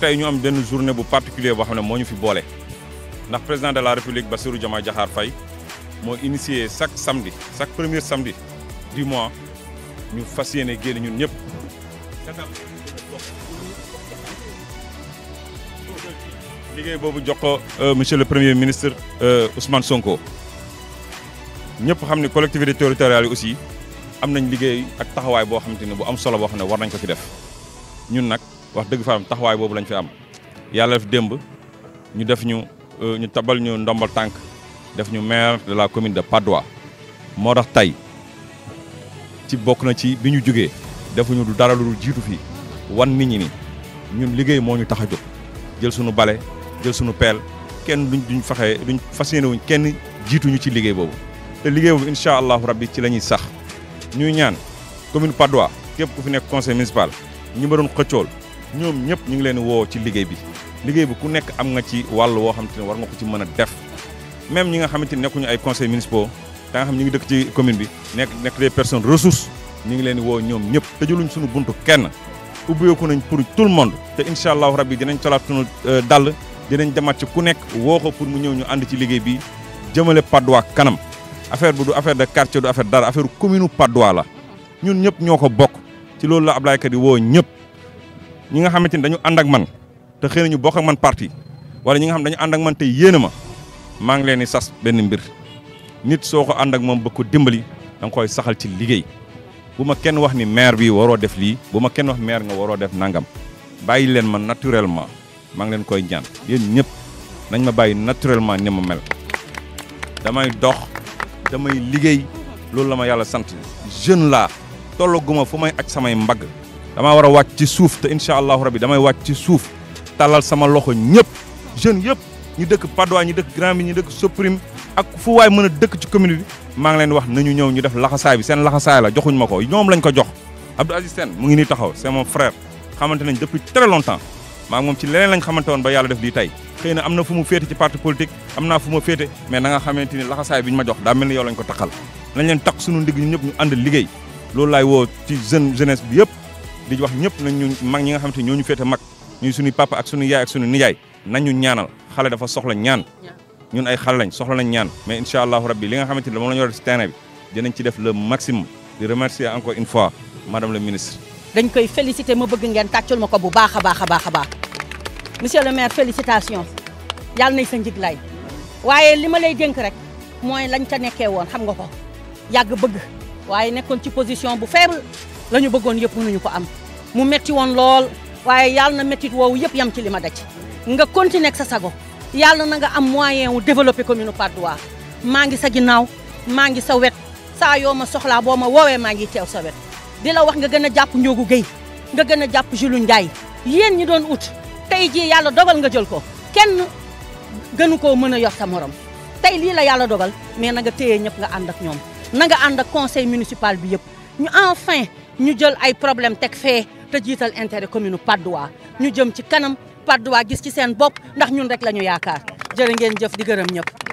tey ñu am benn journée bu particulier boo xam ne moo ñu fi boole ndax président de la république Bassirou Diomaye Diakhar Faye moo initié chaque samedi chaque premier samedi du mois ñu fas yéene génn ñun ñëpp. liggéey boobu jox ko euh, monsieur le premier ministre euh, Ousmane Sonko ñëpp xam ni collectivité territoriale yi aussi am nañ liggéey ak taxawaay boo xamante ne bu am solo boo xam ne war nañ ko ci def ñun nag. wax dëgg fa am taxawaay boobu lañ fi am yàlla def démb ñu def ñu euh, ñu tabal ñu ndombal tànk def ñu maire de la commune de Patte moo tax tey ci bokk na ci bi ñu jógee defuñu du dara lu jiitu fi wan nit ñi ni ñun liggéey moo ñu tax a jóg jël suñu bale jël sunu peel kenn duñ duñ faxee duñ fas yéene wuñ kenn jiituñu ci liggéey boobu te liggéey boobu incha allahu bi ci la ñuy sax ñuy ñaan commune Patte d'Oie képp ku fi nekk conseil municipal ñu ma doon xëccool ñoom ñëpp ñu ngi leen woo ci liggéey bi liggéey bi ku nekk am nga ci wàll woo xam te ne war nga ko ci mën a def même ñi nga xamante nekkuñu ay conseils municipaux da nga ñu ngi dëkk ci commune bi nekk nekk des personnes ressources ñu ngi leen di woo ñoom ñëpp tëjaluñ suñu buntu kenn ubbeeku nañ pour tout le monde te incha allahu rabbi dinañ colaat suñu euh, dàll dinañ demaat ci ku nekk woo ko pour mu ñëw ñu ànd ci liggéey bi jëmale Patte d'Oie kanam bu du affaire de quartier du affaire dara affaire commune Patte ñun ñëpp ñoo ko bokk ci loolu la Ablaye Ka di woo ñëpp ñi nga xamante ni dañu ànd ak man te xëy na ñu bokk ak man parti wala ñi nga xam dañu ànd ak man te yéene ma maa ngi leen di sas benn mbir nit soo ko ànd ak moom ba ko dimbali da nga koy saxal ci liggéey bu ma kenn wax ni maire bi waroo def lii bu ma kenn wax maire nga waroo def nangam bàyyi leen ma naturellement maa ngi leen koy ñaan yéen ñëpp nañ ma bàyyi naturellement ni ma mel damay dox damay liggéey loolu la ma yàlla sant jeune laa tollaguma fu may aj samay mbagg damaa war a wàcc ci suuf te incha allahu rabi damay wàcc ci suuf tàllal sama loxo ñëpp jeune yëpp ñu dëkk Patte d'Oie ñu dëkk Grand Bi ñu dëkk Soprim ak fu waay mën a dëkk ci commune bi maa ngi leen wax nañu ñëw ñu def laxasaay bi seen laxasaay la joxuñ ma ko ñoom lañ ko jox Abdou Aziz mu ngi nii taxaw c'est mon frère xamante nañ depuis très longtemps maa ngi moom ci leneen lañ xamante woon ba yàlla def lii tey xëy na am na fu mu féete ci parti politique am naa ma féete mais nga xamante ni laxasaay bi ma jox daa mel ni yow lañ ko leen tax suñu ndig ñu ñëpp ñu ànd laay woo ci jeune jeunesse yëpp di wax ñëpp nañ ñu mag ñi nga xam te ñoo ñu féete mag ñuy suñu papa ak suñu yaay ak suñu nijaay nañu ñaanal xale dafa soxla ñaan ñun ay xale lañ soxla nañ ñaan mais incha allahu rabbi li nga xamante ni moom la ñu war si terrain bi dinañ ci def le maximum di remercier encore une fois madame le ministre dañ koy féliciter ma bëgg ngeen tàccul ma ko bu baax a baax a le maire félicitations yàlla nañ sa njiglaay waaye li ma lay dénk rek mooy lañ ca nekkee woon xam nga ko yàgg bëgg lañu ñu bëggoon yëpp ñu ko am mu metti woon lool waaye yàlla na méttit woowu yëpp yam ci li ma daj nga continuer ak sa sago yàlla na nga am moyen wu ko commune Patte d'Oie maa ngi sa ginnaaw maa ngi sa wet saa yoo ma soxlaa boo ma woowee maa ngi teew sawet di la wax nga gën a jàpp Ndiogu géy nga gën a jàpp Julou Ndiaye yéen ñi doon ut tey jii yàlla dogal nga jël ko kenn gënu koo mën a yor sa morom tey lii la yàlla dogal mais na nga téye ñëpp nga ànd ak ñoom na nga ànd ak conseil municipal bi yëpp ñu enfin ñu jël ay problème teg fee te jiital intérêt commune Patte ñu jëm ci kanam Patte d'Oie gis ci seen bopp ndax ñun rek la ñu yaakaar jërë ngeen jëf di gërëm ñëpp